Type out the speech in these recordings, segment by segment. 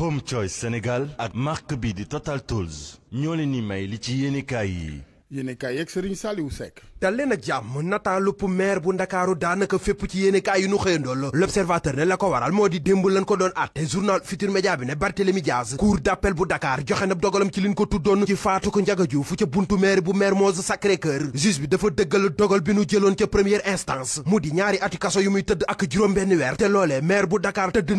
Home Choice Sénégal ak marque bii di Total Tools ñoo leen ni may li ci yéenekaay yi. yéenekaay yeeg Serigne Saliou sek dalleen ak jàmm nataalub maire bu ndakaaru daanaka fépp ci yéene kaay yu nu xëyandool l'observateur ne la ko waral moo di démb lan ko doon àtte journal Futurs Médias bi ne Barthélemy Diaz cour d'appel bu Dakar joxe na dogalam ci liñ ko tuddoon ci faatu ko Ndiaga ca buntu maire bu Mermoz Sacré-Cœur juge bi dafa dëggal dogal bi nu jëloon ca première instance mu di ñaari ati kaso yu muy tëdd ak juróom-benn weer te loolee maire bu Dakar tëdd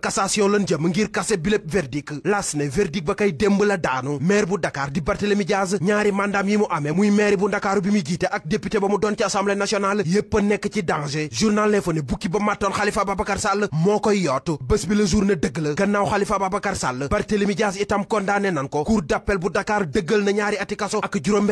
cassation lan jëm ngir kase bilép verdict las ne verdict ba kay démb la daanu maire bu Dakar di Barthélémy Diaz ñaari mandaam yi mu amee muy maire bu Dakar bi muy jiite ak député ba mu doon ci assemblée nationale yépp a nekk ci danger journal L'Info ne bukki ba màttoon Khalifa Babacar Sall moo koy yootu bés bi la journée dëgg la gannaaw Khalifa Babacar Sall Barthélémy Diaz itam condamné nan ko cour d'appel bu Dakar dëggal na ñaari ati ak juróom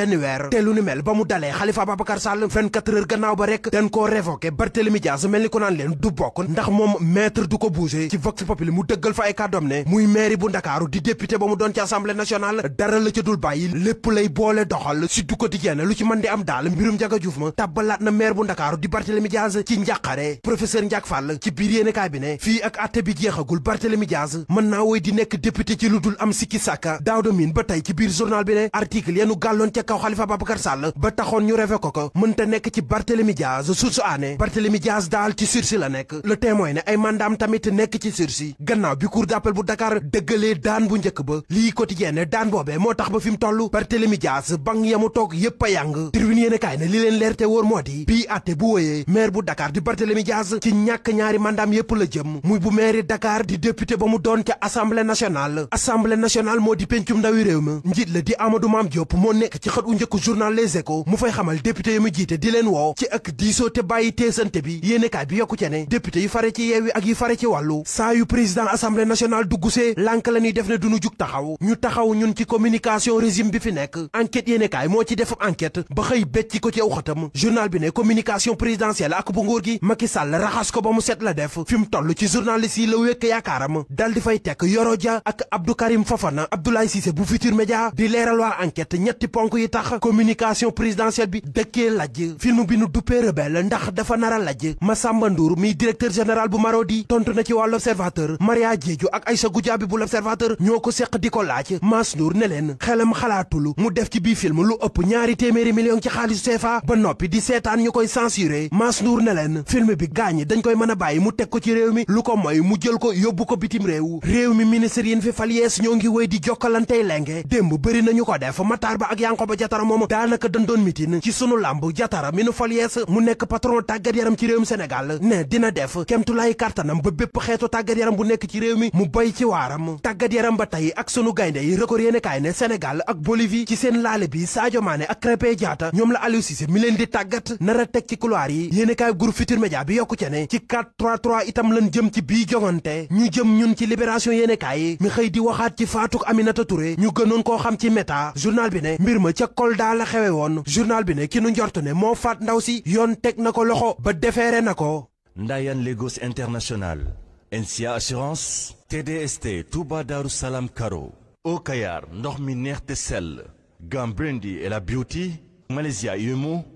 vox populi mu dëggal fa ay kàddoom ne muy maire bu ndakaaru di député ba mu doon ci assemblée nationale dara la ca dul bàyyi lépp lay boole doxal si du quotidien lu ci mën di am daal mbirum Ndiaga Diouf ma tàbbalaat na maire bu ndakaaru di Barthélémy Diaz ci njàqare professeur Ndiak Fall ci biir yéene bi ne fii ak atte bi jeexagul Barthélémy Diaz mën naa woy di nekk député ci lu dul am sikki sàkka Daouda Mine ba tey ci biir journal bi ne article la nekk le témoin ne ay mandaam tamit sursis gannaaw bi cour d'appel bu Dakar dëggalee daan bu njëkk ba lii quotidien daan boobee moo tax ba fi mu toll Barthélémy Dias bang yamu toog yépp a yàng tribune yéen kaay ne li leen leer te wóor moo di bii àtte bu wóyee maire bu Dakar di Barthélémy Dias ci ñàkk ñaari mandaam yépp la jëm muy bu maire Dakar di député ba mu doon ca assemblée nationale assemblée nationale moo di pencum ndawi réew mi njiit la di Amadou Mame Diop moo nekk ci xët u njëkk taxawaayu président assemblée nationale dugg see lànk la ñuy def ne duñu jug taxaw ñu taxaw ñun ci communication régime bi fi nekk enquête yéenekaay moo ci def enquête ba xëy becc ko ci aw journal bi ne communication présidentielle ak bu nguur gi Macky raxas ko ba mu set la def fi mu ci journaliste yi la wékk yaakaaram dal di fay tekk Yoro ak Abdou Karim Fofana Abdoulaye Cissé bu Futur Média di leeral waa enquête ñetti ponk yi tax communication a l'observateur Maria Diédhiou ak Aïssa Goudiaby bu l'observateur ñoo ko seq di ko laaj Masnour ne xelam xalaatul mu def ci bii film lu ëpp ñaari téeméeri million ci xaalisu CFA ba noppi di seetaan ñu koy censuré Masnour ne film bi gaañ dañ koy mën a bàyyi mu teg ko ci réew mi lu ko mooy mu jël ko yóbbu ko bitim réew réew mi ministre yi fi fal yees ñoo ngi wéy di jokkalantey lenge démb bëri nañu ko def Matar Ba ak Yankoba Jatara moom daanaka dañ doon tàggat yaram bu nekk ci réew mi mu bay ci waaram tàggat yaram ba tey ak sunu gaynde yi record yéene kaay ne Sénégal ak Bolivie ci seen laale bi Sadio Mané ak Krépin Diatta ñoom la Aliou mi leen di tàggat nara teg ci couloir yi yéene kaay groupe Futurs bi yokku ca ne ci 4-3-3 itam lan jëm ci bii jongante ñu jëm ñun ci libération yéene kaay mi xëy di waxaat ci faatuk Aminata Touré ñu gënoon koo xam ci méta journal bi ne mbir ma ca Kolda la xewe woon journal bi ne ki nu njortu ne moo faat ndaw si yoon teg na ko loxo ba defeere na ko Ndayan Lagos International NCA assurance TDST Touba Darou Salam Karo Eau Kayar ndox mi neex te sell Gambrendi et la Beauty Malaysia mu